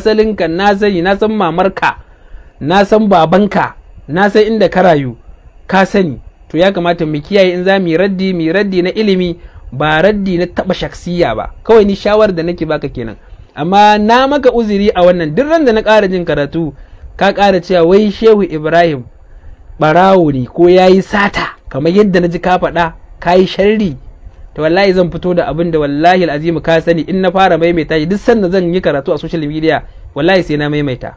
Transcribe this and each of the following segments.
sani ka na sani na san mamarka na san babanka na san inda ka rayu ka sani to ya kamata mu kiyaye in za mu raddi mu raddi na ilimi ba raddi na taba shaksiya ba kawai ni shawar da nake baka kenan amma na maka uzuri a wannan duk ran da na ƙara jin karatu ka ƙara cewa wai shehu ibrahim Barawo ne ko yayi sata kamar yadda na ji ka faɗa ka yi sharri to wallahi zan fito da abin da wallahi Al'azimu, ka sani in na fara maimaita shi duk sanda zan yi karatu a social media wallahi sai na maimaita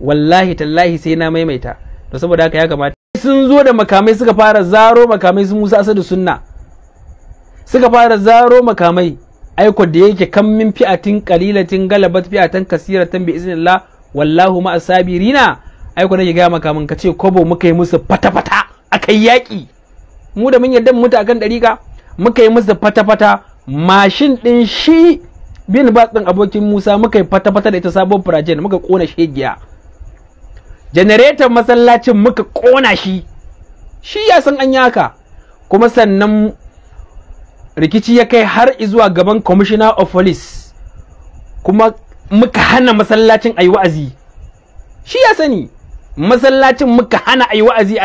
wallahi tallahi sai na maimaita to saboda haka ya kamata sun zo da makamai suka fara zaro makamai sun Musa Asadu Sunna suka fara zaro makamai aiko da yake kan min fi'atin qalilatin galabat fi'atan kasiratan bi iznillah wallahu ma asabirina aiko nake ga makamin ka ce kobo muka yi musu fata fata akai yaki mu da mun yarda mu mutu akan dariƙa muka yi musu fata-fata mashin ɗin shi bin ba ɗin abokin musa muka yi fata-fata da ita sabon firajen muka ƙona giya janareton masallacin muka ƙona shi shi ya san an yi haka kuma sannan rikici ya kai har izuwa gaban commissioner of police kuma muka hana masallacin a yi wa'azi shi ya sani masallacin muka hana a yi wa'azi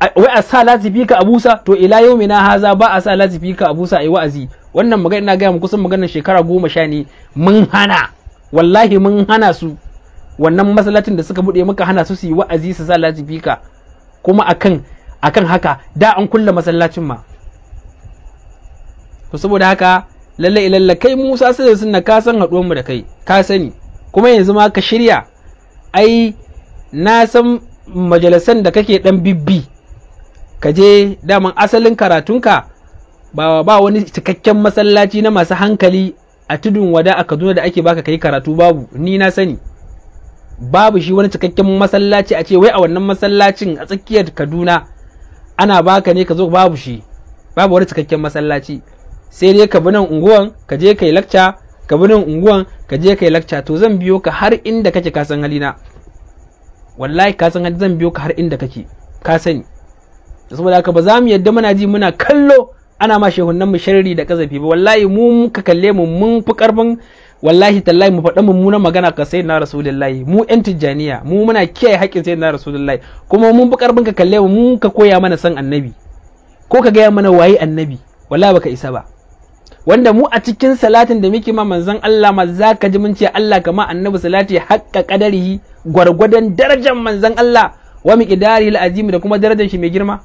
wai a sa lazifi ka abusa to ila yau mina haza ba a sa lazifi ka abusa ai wa'azi wannan magana ina gaya mu kusan maganar shekara goma sha ne mun hana wallahi mun hana su wannan masalatin da suka buɗe muka hana su su yi wa'azi su sa lazifi ka kuma akan akan haka da an kulle masallacin ma to saboda haka lalle ilalla kai Musa sai sun na ka haɗuwar mu da kai ka sani kuma yanzu ma ka shirya ai na san majalisan da kake dan bibbi ka je daman asalin karatunka ba ba wani cikakken masallaci na masu hankali a tudun wada a Kaduna da ake baka kai karatu babu ni na sani babu shi wani cikakken masallaci a ce wai a wannan masallacin a tsakiyar Kaduna ana baka ne ka zo babu shi babu wani cikakken masallaci sai dai ka bi nan unguwan ka je kai lakca ka bi nan unguwan ka je kai lakca to zan biyo ka har inda kake ka san halina wallahi ka san zan biyo ka har inda kake ka sani saboda haka ba za mu yadda muna ji muna kallo ana ma shehunan mu sharri da kazafi ba wallahi mu muka kalle mu mun fi karfin wallahi tallahi mu faɗa mummunan magana ka sayyidina rasulullahi mu yan tijjaniya mu muna kiyaye haƙƙin sayyidina rasulullahi kuma mun fi karfin ka kalle mu mun ka koya mana san annabi ko ka gaya mana waye annabi wallahi baka isa ba wanda mu a cikin salatin da muke ma manzon Allah ma za ka ji mun ce Allah kama annabi salati haƙƙa qadarihi gwargwadon darajar manzon Allah wa miqdarihi al da kuma darajar shi mai girma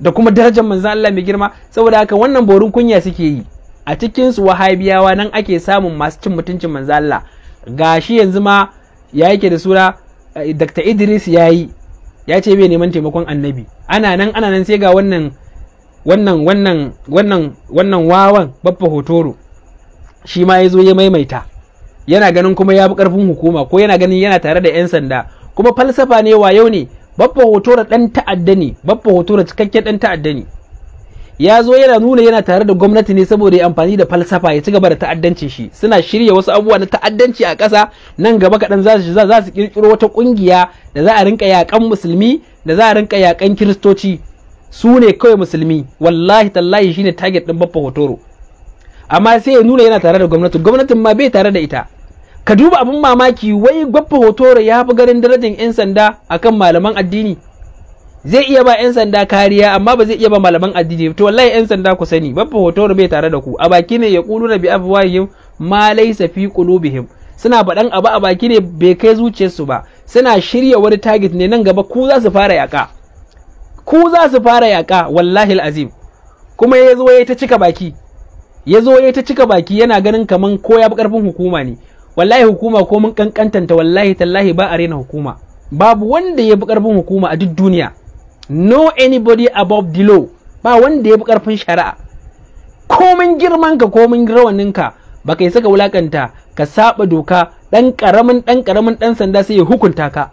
da kuma darajar manzon Allah mai girma saboda haka wannan borin kunya suke yi a cikin su wahabiyawa nan ake samun masu cin mutuncin manzon Allah shi yanzu ma ya yake da sura eh, Dr. Idris ya yi ya ce bai neman taimakon annabi ana nan ana nan sai ga wannan wannan wannan wannan wannan wawan babba hotoro shi ma ya zo ya maimaita yana ganin kuma ya bi karfin hukuma ko yana ganin yana tare da 'yan sanda kuma falsafa ne wa yau ne babba hoto da ɗan ta'adda ne babba hoto da cikakken ɗan ta'adda ne ya zo yana nuna yana tare da gwamnati ne saboda ya amfani da falsafa ya ci gaba da ta'addanci shi suna shirya wasu abubuwa na ta'addanci a ƙasa nan gaba kaɗan za su ƙirƙiro wata ƙungiya da za a rinka yaƙan musulmi da za a rinka yaƙan kiristoci su ne kawai musulmi wallahi tallahi shine target ɗin babba hotoro amma sai ya nuna yana tare da gwamnati gwamnatin ma bai tare da ita ka duba abin mamaki wai gwaffa hotoro ya fi garin darajar 'yan sanda akan malaman addini zai iya ba 'yan sanda kariya amma ba zai iya ba malaman addini to wallahi 'yan sanda ku sani gwaffa hotoro bai tare da ku a baki ne ya kulu na bi ma laisa fi kulubihim suna faɗan abu a baki ne bai kai zuciyarsu ba suna shirya wani target ne nan gaba ku za su fara yaƙa ku za su fara yaƙa wallahi azim kuma ya zo ya ta cika baki ya zo ta cika baki yana ganin kaman ko ya bi ƙarfin hukuma ne wallahi hukuma ko mun kankantanta wallahi tallahi ba a rena hukuma babu wanda ya bi karfin hukuma a duk duniya no anybody above the law ba wanda ya bi karfin shari'a komin girman ka komin rawanin ka baka yi saka wulakanta ka saba doka dan karamin dan karamin dan sanda sai ya hukunta ka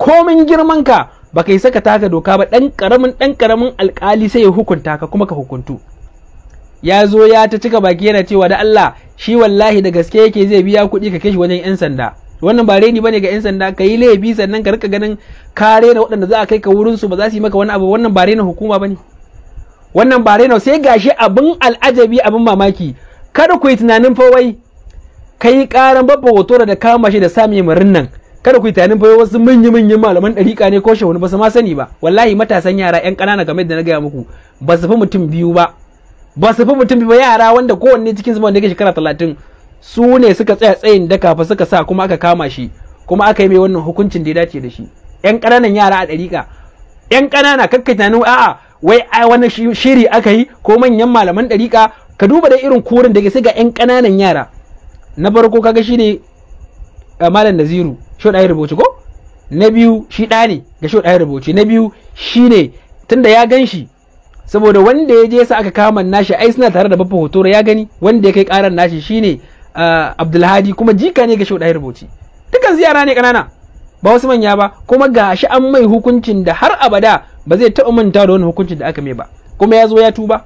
komin girman ka baka yi saka taka doka ba dan karamin dan karamin alkali sai ya hukunta ka kuma ka hukuntu ya zo ya ta cika baki yana cewa da Allah shi wallahi da gaske yake zai biya kuɗi ka kashi wajen 'yan sanda wannan ba reni bane ga 'yan sanda ka yi laifi sannan ka rika ganin ka rena waɗanda za a kai ka wurin su ba za su yi maka wani abu wannan ba rena hukuma bane wannan ba rena sai gashi abin al'ajabi abin mamaki kada ku yi tunanin fa wai kai karan babba hoto da kama shi da sami marin nan kada ku yi tunanin fa wasu manyan manyan malaman dariƙa ne ko shehu ba su ma sani ba wallahi matasan yara 'yan ƙanana game da na gaya muku ba su fi mutum biyu ba ba su fi mutum ba yara wanda kowanne cikin su wanda shekara talatin su ne suka tsaya tsayin daka fa suka sa kuma aka kama shi kuma aka yi mai wannan hukuncin da ya dace da shi yan ƙananan yara a ɗariƙa yan ƙanana kakka tunanin a'a wai a wani shiri aka yi ko manyan malaman ɗariƙa ka duba da irin kurin da ke sai ga yan ƙananan yara na farko kaga shi ne eh, malam naziru shi ɗaya rubuce ko na biyu shi ɗa ne ga shi ɗaya rubuce na biyu shi ne tunda ya ganshi. saboda wanda ya je sa aka kama nashi ai suna tare da bafa hoto. ya gani wanda ya kai karan nashi shine uh, abdulhadi kuma jika ne ga shau dai rubuci dukan ziyara ne kanana ba wasu manya ba kuma ga shi an mai hukuncin da har abada ba zai taɓa manta da wani hukuncin da aka mai ba kuma ya zo ya tuba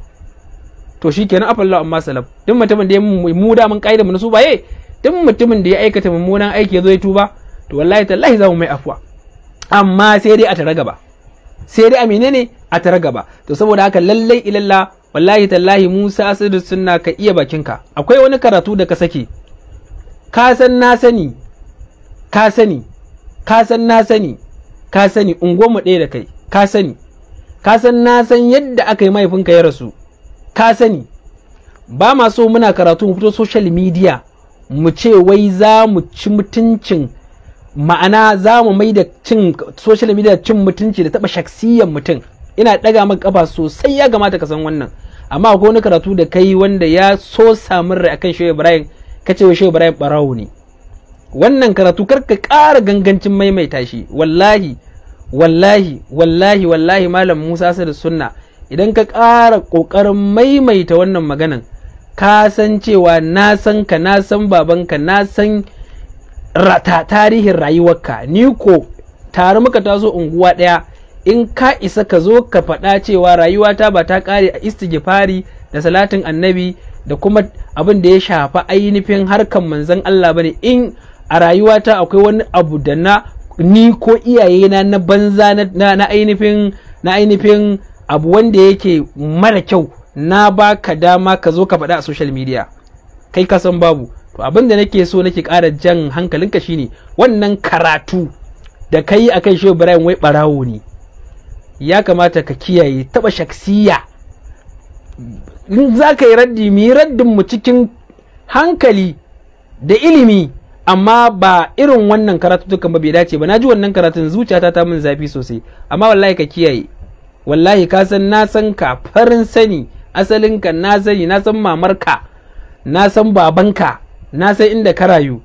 to shi a afallahu amma salam. duk mutumin da ya mu da mun kaida mun su baye eh, duk mutumin da ya aikata mummunan aiki ya zo ya tuba to wallahi tallahi za mu mai afwa amma sai dai a tare gaba sai dai a menene a tara gaba to saboda haka lallai ilalla wallahi tallahi Musa asidu sunna ka iya bakinka akwai wani karatu da ka sake ka san na sani ka sani ka san na sani ka sani unguwanmu ɗaya da kai ka sani ka san na san yadda aka yi mahaifinka ya rasu ka sani ba ma so muna karatu mu fito social media mu ce wai za mu ci mutuncin ma'ana za mu mai da cin social media cin mutunci da taba shaksiyan mutum ina daga maka kafa sosai ya gamata ka san wannan amma akwai wani karatu da kai wanda ya so samun rai akan shehu ibrahim ka ce wa shehu ibrahim barawo ne wannan karatu kar ka ƙara gangancin maimaita shi wallahi wallahi wallahi wallahi malam musa da sunna idan ka ƙara ƙoƙarin maimaita wannan maganan ka san cewa na san ka na san babanka na san tarihin rayuwarka ni ko tare muka taso unguwa ɗaya in ka isa ka zo ka faɗa cewa rayuwata ba ta ƙare a istighfari da salatin annabi da kuma abin da ya shafa ainihin harkan manzon Allah bane in a rayuwata akwai wani abu da na ni ko iyayena na banza na ainihin na ainihin abu wanda yake mara kyau na baka dama ka zo ka faɗa a social media kai ka san babu to abin da nake so nake ƙara jan hankalinka shine wannan karatu da ka yi akan shehu ibrahim wai barawo ne ya kamata ka kiyaye taba shaksiya in za ka yi raddi mu yi raddin mu cikin hankali da ilimi amma ba irin wannan karatu dukan ba bai dace ba na ji wannan karatun zuciyata ta min zafi sosai amma wallahi ka kiyaye wallahi ka san na san ka farin sani asalinka na sani na san mamarka na san babanka na san inda ka rayu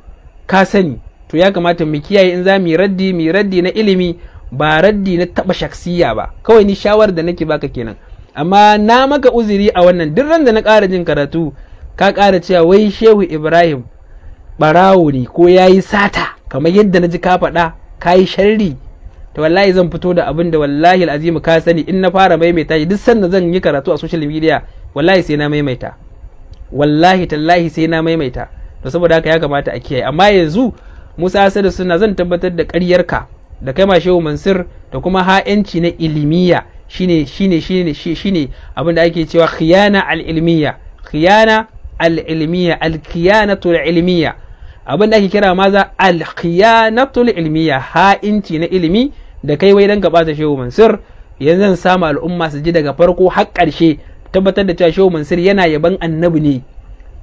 ka sani to ya kamata mu kiyaye in za mu raddi mu raddi na ilimi ba raddi na taba shaksiya ba kawai ni shawar da nake baka kenan amma na maka uzuri a wannan duk ran da na ƙara jin karatu ka ƙara cewa wai shehu ibrahim barawo ne ko yayi sata kamar yadda na ji ka faɗa ka yi sharri to wallahi zan fito da abin da wallahi azimu ka sani in na fara maimaita shi duk sanda zan yi karatu a social media wallahi sai na maimaita wallahi tallahi sai na maimaita da saboda haka ya kamata a kiyaye amma yanzu musa asadu suna zan tabbatar da ƙaryarka da kai ma shehu mansur da kuma ha'inci na ilimiya shine shine shine shine abin da ake cewa khiyana al ilmiya khiyana al ilmiya al khiyanatu al ilmiya abin da ake kira maza al khiyanatu al ilmiya ha'inci na ilimi da kai wai dan gaba da shehu mansur yanzu samu al'umma su ji daga farko har ƙarshe tabbatar da cewa shehu mansur yana yaban annabi ne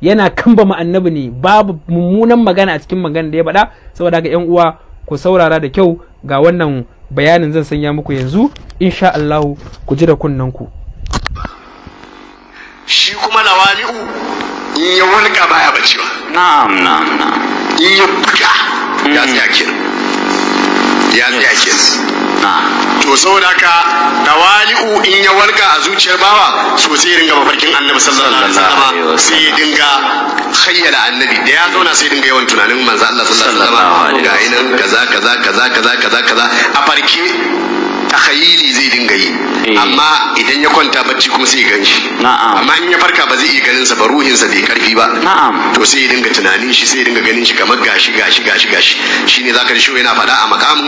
yana kamba ma annabi ne babu mummunan magana a cikin magana da ya faɗa saboda ga yan uwa ku saurara da kyau ga wannan bayanin zan sanya muku yanzu insha Allah ku ji da kunnen ku shi kuma lawali'u in ya wulka baya bacewa na'am na'am na'am in ya buga ya tsaya mm. kenan ya tsaya ke to saboda haka tawali'u in ya warka a zuciyar bawa so sai ya dinga mafarkin annabi sallallahu alaihi wasallam sai ya dinga khayyala annabi da ya zauna sai dinga yawan tunanin manzo Allah sallallahu alaihi wasallam ga inan kaza kaza kaza kaza kaza kaza a farke takhayili zai dinga yi Eh. amma idan ya kwanta bacci kuma sai gan shi amma in ya farka ba zai iya ganin sa ba ruhin sa bai karfi ba to sai ya dinga tunanin shi sai ya dinga ganin shi kamar gashi gashi gashi gashi shine zaka shi yana faɗa a makamin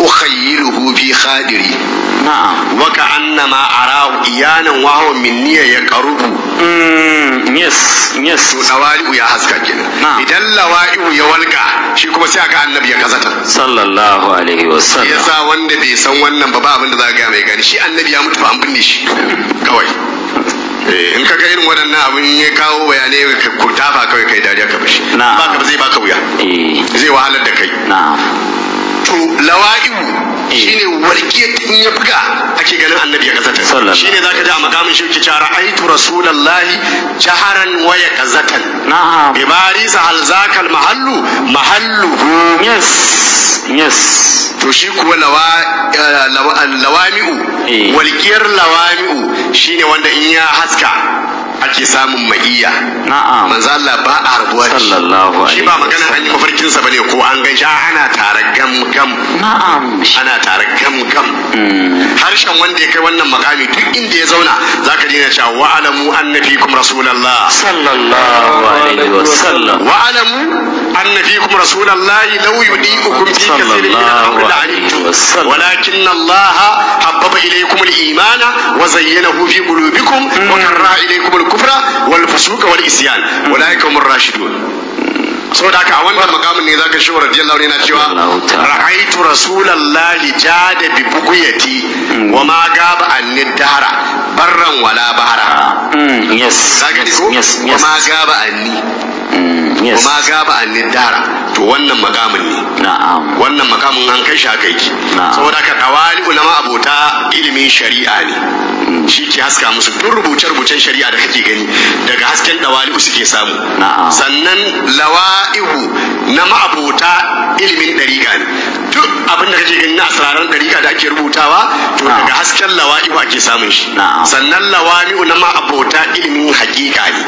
ukhayyiluhu fi khadiri wa ka annama arahu iyanan wa min niyya ya qarubu mm, yes yes to lawai'u ya haska kenan idan lawa'i ya walka shi kuma sai aka annabi ya kazata sallallahu alaihi wasallam yasa wanda bai san wannan ba ba abin da za ga mai gani shi annabi annabi ya mutu ba an binne shi kawai eh, in ka irin waɗannan abin ya kawo bayanai ka tafa kawai kai dariya ka bashi ba ka zai baka wuya eh. zai wahalar da kai wato lawa'i'u eh. shine warke in ya buga ake ganin annabi ya kazata shine zaka ji a makamin shi ki cara aitu rasulullahi jaharan wa ya kazatan na'am ibari sa hal zakal mahallu mahallu yes yes to shi kuwa lawa eh, lawami'u eh. walqiyar lawami'u shine wanda in ya haska ake samun ma'iya na'am manzo Allah ba a rabuwa sallallahu alaihi shi ba magana an yi mafarkin sa bane ko an ganshi ana tare gam gam na'am ana tare gam gam mm. harshen wanda ya kai wannan makami duk inda ya zauna zaka dina cewa wa alamu annabikum rasulullah sallallahu alaihi wasallam wa alamu أن فيكم رسول الله لو يديكم في كثير من الأمر لعنتم ولكن الله حبب إليكم الإيمان وزينه في قلوبكم وكره إليكم الكفر والفسوق والإسيان أولئك هم الراشدون saboda haka a wannan ne zaka shi radiyallahu anhu yana cewa ra'aitu rasulallahi jada bi wa ma gaba anni barran wala bahara yes yes yes wa ma gaba anni Mm, kuma gaba annin dara to wannan makamin ne wannan makamin an kai sha aka yi saboda ka dawali ulama abota ilimin shari'a ne mm. shi ke haska musu duk rubuce-rubucen shari'a da kake gani daga hasken dawali suke samu sannan lawa'ihu na ma'abota ilimin ɗariƙa ne duk abin da kake gani na asraran dariƙa da ake rubutawa to daga hasken lawa'i ba ke samun shi sannan lawami'u na ma abota ilimin hakika ne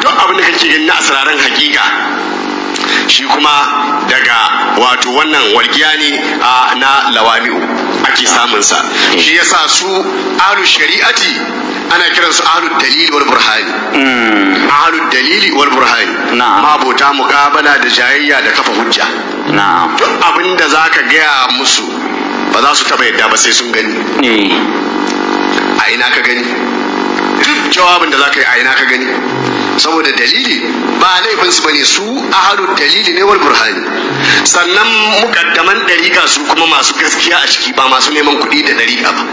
duk abin da kake gani na asraran hakika shi kuma daga wato wannan walgiya ne na lawami'u ake samunsa mm. shi yasa su alu shari'ati ana kiran su ahlud dalili wal burhani mm. ahlud dalili wal burhani ma bota muqabala da jayayya da kafa hujja duk abin da za ka gaya musu ba za su taba yadda ba sai sun gani eh. a ina ka gani duk jawabin da za ka yi a ina ka gani saboda dalili ba laifin su bane su ahalu dalili ne wal burhani sannan mukaddaman dariƙa su kuma masu gaskiya a ciki ba masu neman kuɗi da dariƙa ba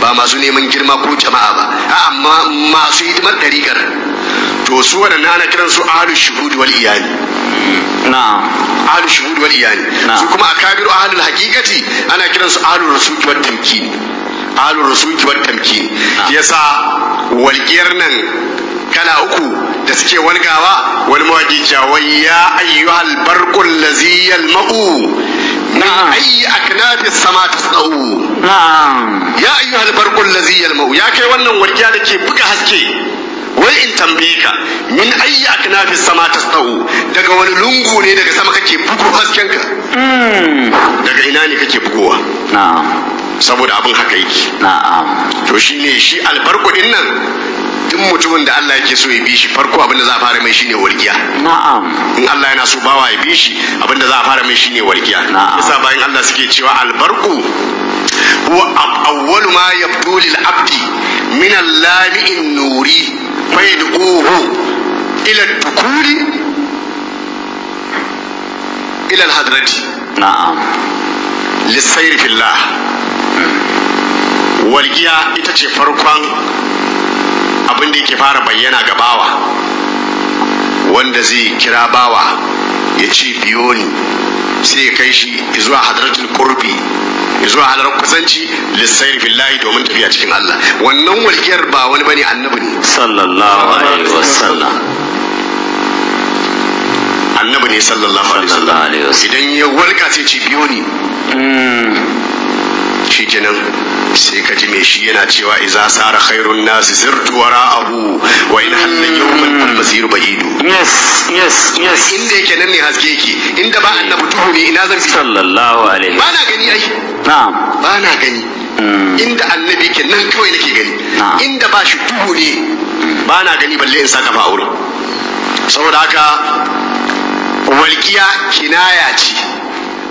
ba masu neman girma ko jama'a ba amma masu hidimar dariƙar to su waɗannan ana kiran su ahalu shuhudi wal iyali hmm. na ahlul shuhud wal iyani su kuma akabiru ahlul hakikati? ana kiran kiransu ahlul rasuki wat tamkin ahlul rasuki wat tamkin yasa walqiyar nan kala uku da suke wani gawa? wani mawaƙi cewa ya ayyuhal barkun lazi yalma'u na ayi aknafi sama ta tsawo ya ayyuhal barkun lazi yalma'u ya kai wannan walƙiya da ke buga haske wai in tambaye ka min ayya kana fi sama ta tsawo daga wani lungu ne daga sama kake bugo hasken ka hmm. daga ina ne kake bugowa saboda abin haka yake to ne shi albarku din nan duk mutumin da Allah yake so ya bi shi farko da za a fara mai shine wargiya na'am in Allah yana so bawa ya bi shi abinda za a fara mai shine wargiya yasa bayan Allah suke cewa albarku huwa awwalu ma yabdu lil abdi min al-lami'in nuri فيدعوهم إلى الذكور إلى الحضرة نعم للسير في الله walgiya ita ce farkon abin da yake fara bayyana ga bawa wanda zai kira bawa ya ce biyo ni sai ya kai shi zuwa hadratul qurbi zuwa hadarar kusanci lissair fillahi domin tafiya cikin Allah wannan walƙiyar ba wani bane annabi ne sallallahu alaihi wasallam annabi ne sallallahu alaihi wasallam idan ya walƙa sai ci biyo ne hmm. shi kenan sai ka ji mai shi yana cewa iza sara khairun nasi sirtu wara'ahu wa in hannan yawman al-masir ba'idu yes yes yes inda yake nan ne haske yake inda ba annabi tuhu ne ina zan bi sallallahu alaihi ba na gani ai na'am ba na gani hmm. inda annabi yake nan kawai nake gani inda ba shi tuhu ne ba na gani balle in saka fa a wurin saboda haka walƙiya kinaya ce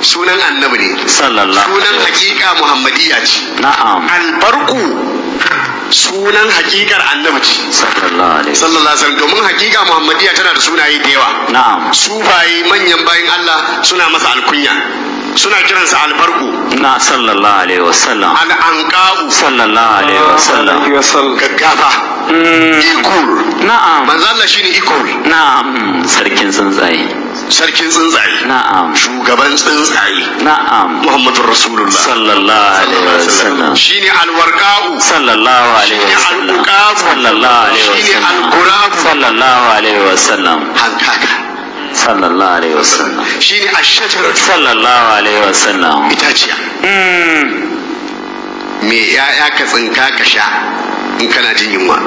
sunan annabi ne sunan hakika muhammadiyya ce albarku sunan hakikar annabi ce sallallahu alaihi wasallam domin hakika muhammadiyya tana da sunaye da yawa na'am su bayi manyan bayin Allah suna masa alkunya suna kiransa albarku na sallallahu alaihi wasallam al'anqa'u sallallahu alaihi wasallam gaggafa hmm. ikul na'am manzo Allah shine ikul na'am sarkin tsuntsaye شركين سنزعي نعم شوكبان سنزعي نعم محمد الرسول الله صلى الله عليه وسلم شيني الورقاء صلى الله عليه وسلم شيني القاف صلى الله عليه وسلم شيني القراف صلى الله عليه وسلم حنكاكا صلى الله عليه وسلم شيني الشجرة صلى الله عليه وسلم متاجيا mai ya'ya ka tsinka ka sha in kana jin yunwa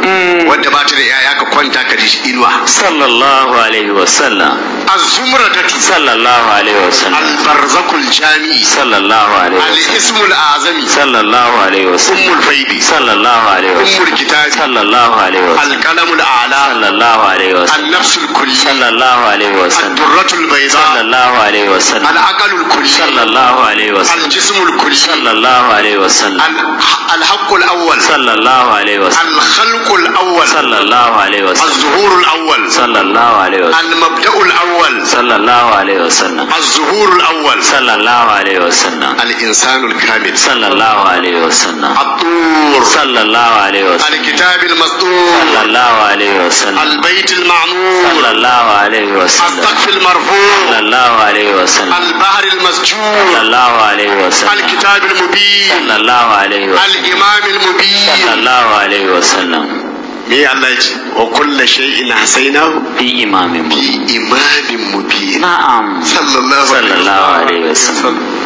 wadda ba ta da ya'ya ka kwanta ka ji inuwa sallallahu alaihi wa sallam az-zumradatu sallallahu alaihi wa sallam al-barzakul jami'i sallallahu alaihi wa sallam al-ismul azami sallallahu alaihi wa sallam ummul faibi sallallahu alaihi wa sallam ummul kitabi sallallahu alaihi wa sallam al-qalamul a'la sallallahu alaihi wa sallam an-nafsul kulli sallallahu alaihi wa sallam ad-durratul bayda sallallahu alaihi wa sallam al kulli sallallahu alaihi wa sallam al-jismul kulli sallallahu alaihi wa sallam الحق الأول صلى الله عليه وسلم الخلق الأول صلى الله عليه وسلم الظهور الأول صلى الله عليه وسلم المبدأ الأول صلى الله عليه وسلم الظهور الأول صلى الله عليه وسلم الإنسان الكامل صلى الله عليه وسلم الطور صلى الله عليه وسلم الكتاب المسطور صلى الله عليه وسلم البيت المعمور صلى الله عليه وسلم السقف المرفوع صلى الله عليه وسلم البحر المسجور صلى الله عليه وسلم الكتاب المبين صلى الله عليه alaihi wa al-imam al-mubin sallallahu alaihi wa sallam me Allah ji wa kullu shay'in hasainahu bi imamin bi imamin mubin na'am sallallahu wa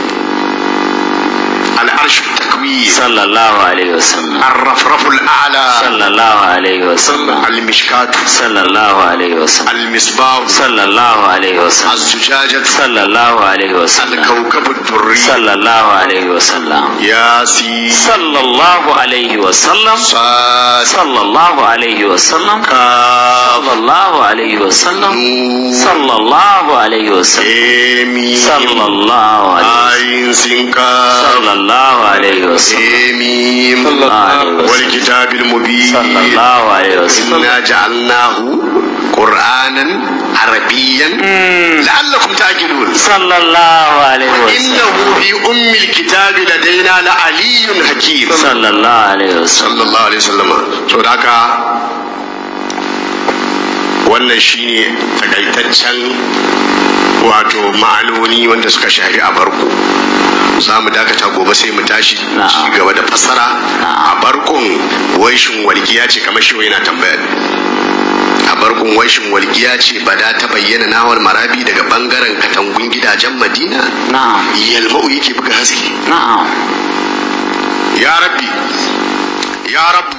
العرش التقوي صلى الله عليه وسلم الرفرف الأعلى صلى الله عليه وسلم المشكاة صلى الله عليه وسلم المصباح صلى الله عليه وسلم الزجاجة صلى الله عليه وسلم الكوكب الدري صلى الله عليه وسلم ياسين صلى الله عليه وسلم صلى الله عليه وسلم صلى الله عليه وسلم صلى الله عليه وسلم صلى الله عليه وسلم صلى الله الله عليه وسلم والكتاب المبين صلى الله عليه وسلم إنا جعلناه قرآنا عربيا لعلكم تعقلون صلى الله عليه وسلم إنه في أم الكتاب لدينا لعلي حكيم صلى الله عليه وسلم صلى الله عليه وسلم سورة wannan shine takaitaccen wato ma'anoni wanda suka shafi a barko za mu dakata gobe sai mu tashi ci gaba da fassara a barkon waishin walgiya ce kamar shi yana tambayar a barkon waishin walgiya ce bada ta bayyana nawar marabi daga bangaren katangun gidajen madina yalma'u yake buga haske ya rabbi ya rabbi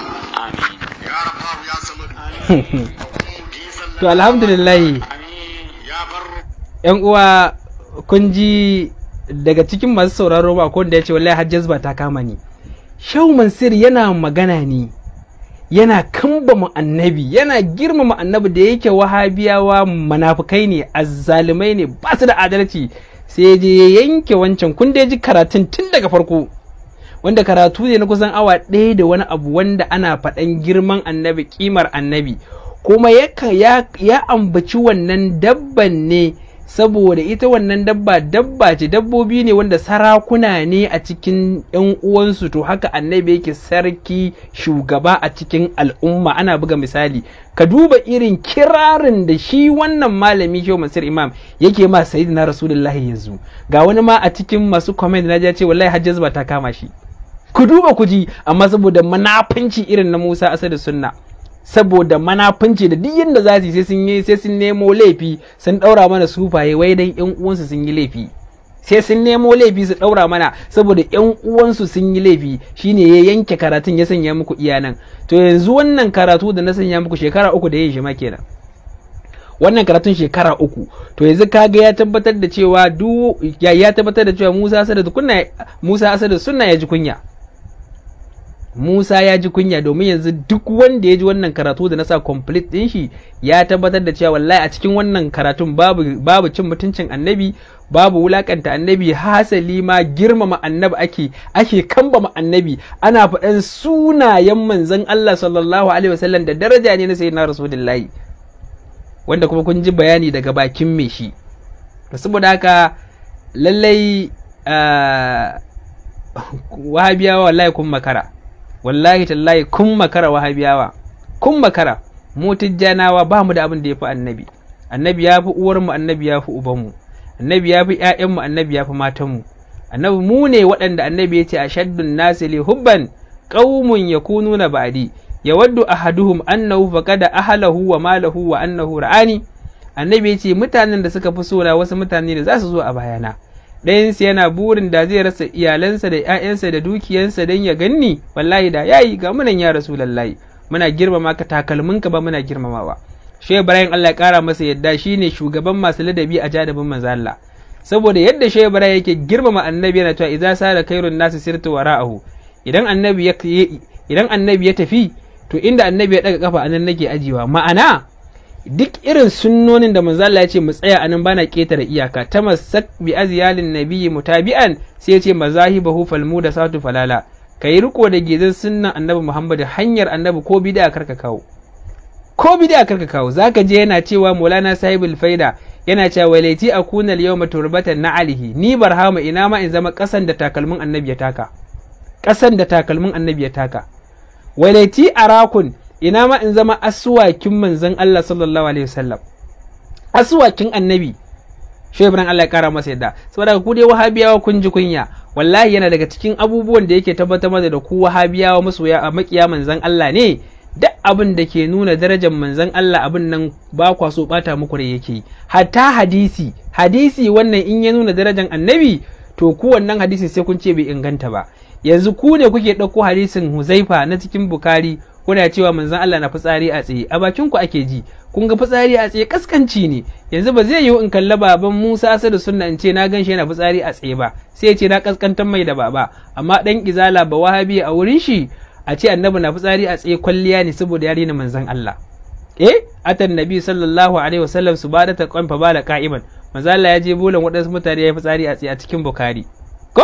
ya rabbi ya zama to alhamdulillahi yan uwa kun ji daga cikin masu sauraro ba ko da ya ce wallahi har jazba ta kama ni shau mansir yana magana ne yana kamba annabi yana girmama annabi da yake wahabiyawa manafukai ne azzalumai ne ba su da adalci sai je ya yanke wancan kun da ji karatun tun daga farko wanda karatu ne na kusan awa ɗaya da wani abu wanda ana faɗan girman annabi kimar annabi kuma ya ambaci wannan dabban ne saboda ita wannan dabba dabba ce dabbobi ne wanda sarakuna ne a cikin yan uwansu to haka annabi yake sarki shugaba a cikin al'umma ana buga misali ka duba irin kirarin da shi wannan malami shehu masir imam yake ma na rasulullahi yanzu ga wani ma a cikin masu comment na ce wallahi hajjaz ba ta kama shi ku duba ku ji amma saboda manafanci irin na Musa Asadu Sunna saboda manafinci da duk yadda za su sai sun yi sai sun nemo laifi sun daura mana sufaye wai dan yan uwansu sun yi laifi sai sun nemo laifi su daura mana saboda yan uwansu sun yi laifi shine ya yanke karatun ya sanya muku iyanan to yanzu wannan karatu da na sanya muku shekara uku da yin shi ma kenan wannan karatun shekara uku to yanzu kaga ya tabbatar da cewa duk ya tabbatar da cewa Musa Asadu kunna Musa sunna ya ji kunya Musa ya ji kunya domin yanzu duk wanda ya ji wannan karatu da nasa sa complete din shi ya tabbatar da cewa wallahi a cikin wannan karatun babu babu cin mutuncin annabi babu wulakanta annabi hasali ma girmama annabi ake ake kambama annabi ana faɗan sunayen manzon Allah sallallahu alaihi wasallam da daraja ne na sayyidina rasulullahi wanda kuma kun ji bayani daga bakin me shi saboda haka lallai ah, wahabiyawa wallahi kun makara wallahi tallahi kun makara wahabiyawa kun makara mu tijjanawa ba mu da abin da ya fi annabi annabi ya fi uwarmu annabi ya fi ubanmu annabi ya fi mu, annabi ya fi matanmu annabi mu ne waɗanda annabi ya ce a shaddun nasili hubban ƙaumun ya kunu na ba'adi ya ahaduhum annahu faqada ahlahu wa malahu wa annahu ra'ani annabi ya ce mutanen da suka fi sona wasu mutane da za su zo a bayana ɗayansu yana burin da zai rasa iyalansa da 'ya'yansa da dukiyansa don ya ganni wallahi da yayi ga munan ya rasu lallahi muna girmama ka takalmin ka ba muna girmama ba. ibrahim allah ya kara masa yadda shi ne shugaban masu ladabi a jadabin manzo allah saboda yadda Shebara yake girmama annabi yana cewa idza sara kairun nasu sirtu wara'ahu idan annabi ya idan annabi ya tafi to inda annabi ya daga kafa nan nake ajiwa ma'ana duk irin sunnonin da manzo Allah ya ce mu tsaya anan bana ketare iyaka ta masak bi aziyalin nabiyyi mutabi'an sai ya ce mazahibahu falmu da satu falala kai riko da gidan sunnan annabi Muhammad hanyar annabi ko bid'a karka kawo ko bid'a karka kawo zaka je yana cewa Maulana Sahibul Faida yana cewa walaiti akuna al-yawma turbatan na alihi ni barhama ina ma in zama kasan da takalmin annabi ya taka kasan da takalmin annabi ya taka walaiti arakun ina ma in zama asuwakin manzon Allah sallallahu alaihi wasallam asuwakin annabi shi ibrahim Allah ya kara masa yadda saboda ku dai wahabiyawa kun ji kunya wallahi yana daga cikin abubuwan da yake tabbatar da ku wahabiyawa masoya a makiya manzon Allah ne duk abin da ke nuna darajar manzon Allah abin nan ba kwa so bata muku da yake hatta hadisi hadisi wannan in ya nuna darajar annabi to ku wannan hadisin sai kun ce bai inganta ba yanzu ku ne kuke ɗauko hadisin Huzaifa na cikin Bukari kuna cewa manzon Allah na fitsari a tsaye a bakin ku ake ji kun ga fitsari a tsaye kaskanci ne yanzu ba zai yiwu in kalla baban Musa da sunna in ce na ganshi yana fitsari a tsaye ba sai ya ce na kaskantar mai da baba amma dan izala ba wahabi a wurin shi a ce annabi na fitsari a tsaye kwalliya ne saboda ya ne manzon Allah eh atan nabi sallallahu alaihi wasallam su bada ta kwanfa bala ka'iban manzon Allah ya je bolan wadansu mutane ya fitsari a tsaye a cikin bukari ko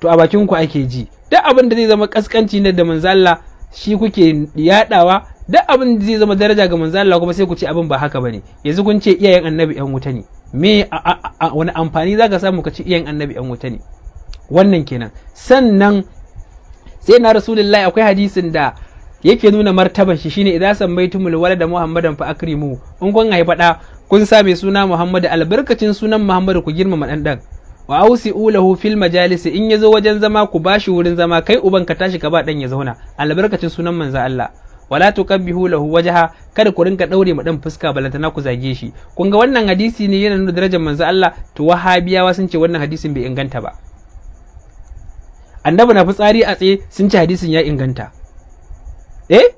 to a bakin ku ake ji duk abin da zai zama kaskanci ne da manzon Allah shi kuke yadawa duk abin da zai zama daraja ga manzo Allah kuma sai ku ce abin ba haka bane yanzu kun ce iyayen annabi yan wuta ne me wani amfani zaka samu ka ce iyayen annabi yan wuta ne wannan kenan sannan sai na rasulullahi akwai hadisin da yake nuna martaban shi shine idan san baitumul walad da muhammadan fa akrimu in kun haifa da kun same suna muhammadu albarkacin sunan muhammadu ku girmama dan dan wa ausi ulahu fil majalisi in yazo wajen zama ku bashi wurin zama kai uban ka tashi ka ba dan ya zauna albarkacin sunan manzo Allah wala tukabbihu lahu wajha kada ku rinka daure ma dan fuska balantana ku zage shi kun ga wannan hadisi ne yana nuna darajar manzo Allah to wahabiyawa sun ce wannan hadisin bai inganta ba annabi na fitsari a tsaye sun ce hadisin ya inganta eh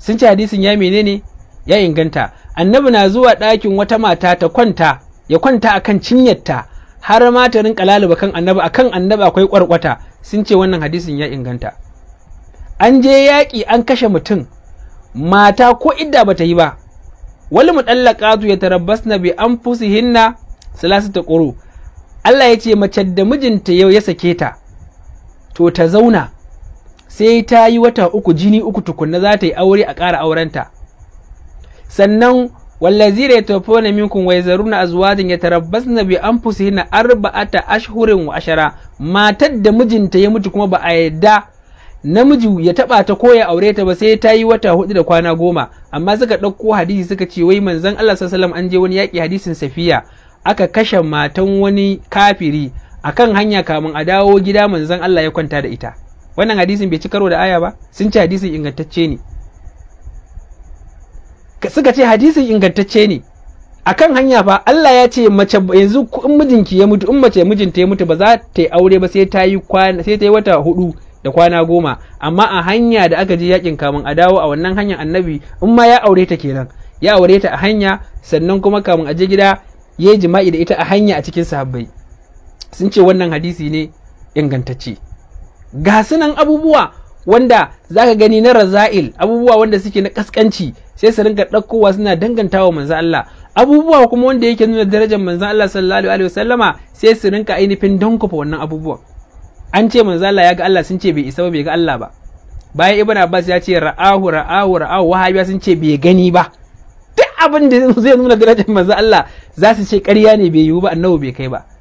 sun ce hadisin ya menene ya inganta annabi na zuwa ɗakin wata mata ta kwanta ya kwanta akan cinyarta har ma ta rinka laluba kan annabi akan annaba akwai kwarkwata sun ce wannan hadisin ya inganta an je yaƙi an kashe mutum mata ko idda bata yi ba ya wal mutallaqatu yatarabbasna hinna anfusihinna ta quru Allah ya ce mace da mijinta yau ya sake ta to ta zauna sai ta yi wata uku jini uku tukunna za ta yi aure a ƙara aurenta sannan والذين يتوفون منكم ويزرون أزواجا يتربصن بأنفسهن أربعة أشهر وعشرة ما تد مجن تيمت كما بأيدا namiji ya taba ta koya aure ta ba sai ta yi wata hudu da kwana goma amma suka ɗauko hadisi suka ce wai manzon Allah sallallahu an je wani yaƙi hadisin safiya aka kashe matan wani kafiri akan hanya kamun a dawo gida manzon Allah ya kwanta da ita wannan hadisin bai ci karo da aya ba sun ce hadisin ingantacce ne suka ce hadisin ingantacce ne a kan hanya fa Allah ya ce mace yanzu in mijinki ya mutu in mace mijinta ya mutu ba za ta yi aure ba sai ta yi kwana wata hudu da kwana goma amma a hanya da aka je yakin kamun a dawo a wannan hanyar annabi in ma ya aure ta kenan ya aure ta a hanya sannan kuma kamun a je gida ya yi jima'i da ita a hanya a cikin sahabbai sun ce wannan hadisi ne ingantacce ga sunan abubuwa wanda zaka gani na raza'il abubuwa wanda suke na kaskanci sai su rinka ɗaukowa suna danganta wa manzan Allah abubuwa kuma wanda yake nuna darajar manzan Allah sallallahu alaihi wasallama sai su rinka ainihin dankofa wannan abubuwan an ce manzan Allah ya ga Allah sun ce bai isa ba bai ga Allah ba bayan Ibn Abbas ya ce ra'ahu ra'ahu ra'ahu wahabiya sun ce bai gani ba duk abin da zai nuna darajar manzan Allah za su ce ƙarya ne bai yiwu ba annabi bai kai ba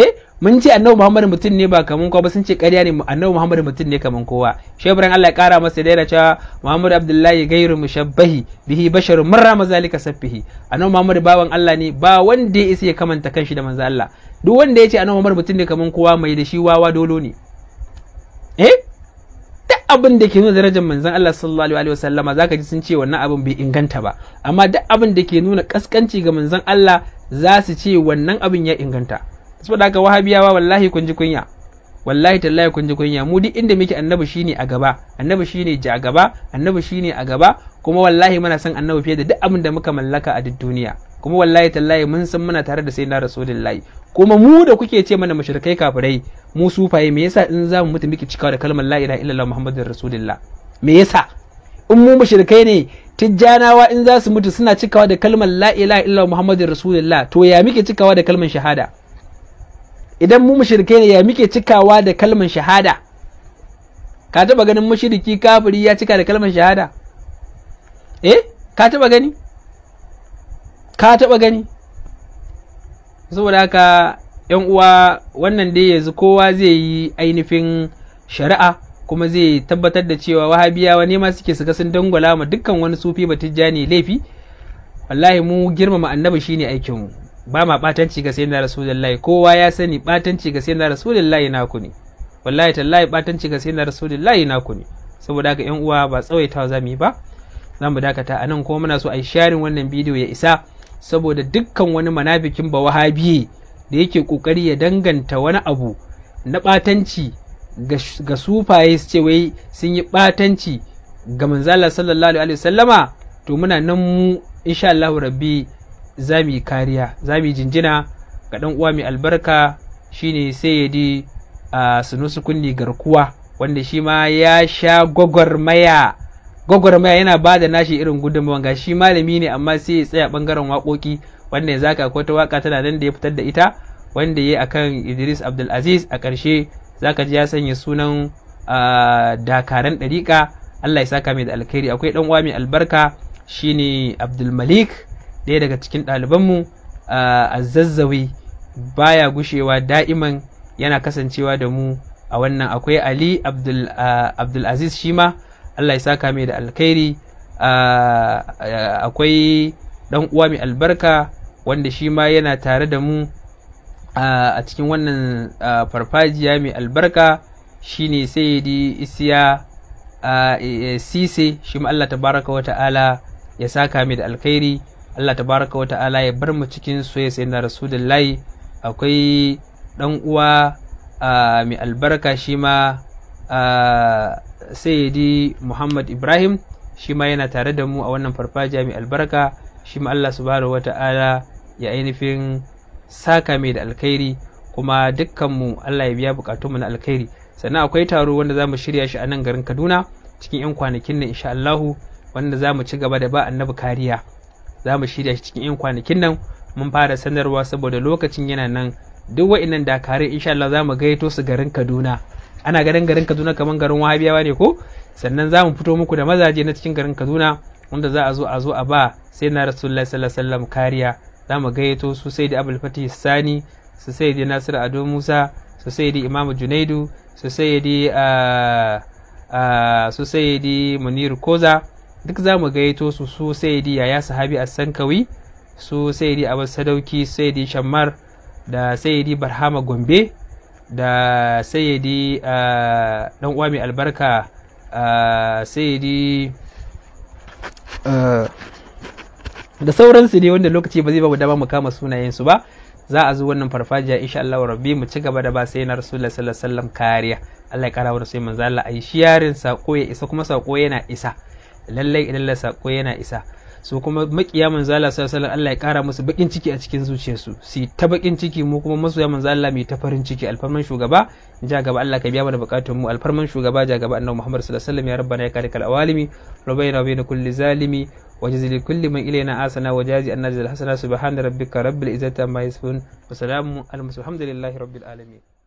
eh mun ce annabi muhammad mutum ne ba kaman kowa ba sun ce ƙarya ne annabi muhammad mutum ne kaman kowa shebran Allah ya kara masa da yana cewa muhammad abdullahi gairu mushabbahi bihi basharun marra mazalika safihi annabi muhammad bawan Allah ne ba wanda ya isa ya kamanta kanshi da manzo Allah duk wanda ya ce annabi muhammad mutum ne kaman kowa mai da shi wawa dolo ne eh duk abin da ke nuna darajar manzon Allah sallallahu alaihi wasallama zaka ji sun ce wannan abin bai inganta ba amma duk abin da ke nuna kaskanci ga manzon Allah za su ce wannan abin ya inganta saboda haka wahabiyawa wallahi kun ji kunya wallahi tallahi kun ji kunya mu duk inda muke annabi shine a gaba annabi shine ji a gaba annabi shine a gaba kuma wallahi muna son annabi fiye da duk abin da muka mallaka a duk duniya kuma wallahi tallahi mun san muna tare da sayyidina rasulullahi kuma mu da kuke ce mana mushrikai kafirai mu sufaye me yasa in za mu mutu muke cikawa da kalmar la ilaha illallah muhammadur rasulullah me yasa in mu mushrikai ne tijjanawa in za su mutu suna cikawa da kalmar la ilaha illallah muhammadur rasulullah to ya muke cikawa da kalmar shahada idan mu mushirke ne ya muke cikawa da kalmar shahada ka taba ganin mushriki kafiri ya cika da kalmar shahada eh ka taba gani ka taba gani saboda haka yan uwa wannan dai yanzu kowa zai yi ainihin shari'a kuma zai tabbatar da cewa wahabiyawa ne ma suke suka sun dangwala ma dukkan wani sufi batijja ne laifi wallahi mu girmama annabi shine aikinmu ba ma batanci ga sayyidina rasulullahi kowa ya sani batanci ga sayyidina rasulullahi naku ne wallahi tallahi batanci ga sayyidina rasulullahi naku ne saboda haka yan uwa ba tsawaitawa za mu yi ba za mu dakata a nan kuma muna so a yi sharin wannan bidiyo ya isa saboda dukkan wani manafikin ba wahabi da yake kokari ya danganta wani abu na batanci ga sufaye su ce wai sun yi batanci ga manzala sallallahu alaihi wasallama to muna nan mu insha Allah rabbi za mu yi kariya za mu yi jinjina ga ɗan uwa mai albarka shine sai ya di a sunusu kunni garkuwa wanda shi ma ya sha gwagwarmaya gwagwarmaya yana ba da nashi irin gudunmawa ga shi malami ne amma sai ya tsaya bangaren waƙoƙi wanda ya zaka akwai ta waka tana nan da ya fitar da ita wanda ya akan Idris Abdulaziz a ƙarshe zaka ji ya sanya sunan dakaran ɗariƙa Allah ya saka mai da alkhairi akwai ɗan uwa mai albarka shine Abdulmalik ɗaya daga cikin ɗalibanmu a zazzawi baya gushewa da'iman yana kasancewa da mu a wannan akwai ali abdulaziz shi ma allah ya saka mai da alkhairi akwai ɗan uwa mai albarka wanda shi ma yana tare da mu a cikin wannan farfajiya mai albarka shine sayyidi isiya e, sise shi ma allah Ta baraka wa ta'ala ya saka mai da alkhairi Allah tabaraka wa ta'ala ya bar mu cikin soyayya sayyidina rasulullahi akwai dan uwa mai albarka shi ma sayyidi Muhammad Ibrahim shi ma yana tare da mu a wannan farfajiya mai albarka shi ma Allah subhanahu wa ta'ala ya ainihin saka mai da alkhairi kuma dukkanmu Allah ya biya mu na alkhairi sannan akwai taro wanda za mu shirya shi a nan garin Kaduna cikin 'yan kwanakin nan insha Allahu wanda za mu ci gaba da ba annabi kariya za mu shirya shi cikin 'yan kwanakin nan mun fara sanarwa saboda lokacin yana nan duk wa'innan dakarai insha Allah za mu gaito su garin Kaduna ana ganin garin Kaduna kamar garin Wahabiyawa ne ko sannan za mu fito muku da mazaje na cikin garin Kaduna wanda za a zo a zo a ba sai na Rasulullahi sallallahu alaihi wasallam kariya za mu gaito su sai da Abul Fatih Sani su sai da Nasir Ado Musa su sai da Imam Junaidu su sai da ah, ah, su sai da Munir Koza duk za mu gaito su su saidi yaya sahabi a sankawi su abu sadauki Sayidi shammar da Sayidi barhama gombe da Sayidi ah, dan uwa mai albarka ah, ah, da sauransu ne wanda lokaci ba zai ba mu dama mu kama sunayensu ba za a zo wannan farfajiya insha Allah rabbi mu ci gaba da ba sai na rasulullah sallallahu alaihi wasallam kariya Allah ya kara wa manzo Allah ai shiyarin sako ya isa kuma sako yana isa lallai idan sako yana isa su kuma makiya Allah sallallahu Allah ya kara musu bakin ciki a cikin zuciyarsu su ta bakin ciki mu kuma masoya Allah mai ta farin ciki alfarman shugaba ja gaba Allah ka biya mana bukatun mu alfarman shugaba ja gaba annabi Muhammad sallallahu alaihi wasallam ya rabbana ya kal awalimi rabbana bayna kulli zalimi wa jazil kulli man ilayna asana wa jazi anna hasana subhana rabbika rabbil izzati amma yasifun wa salamun al rabbil alamin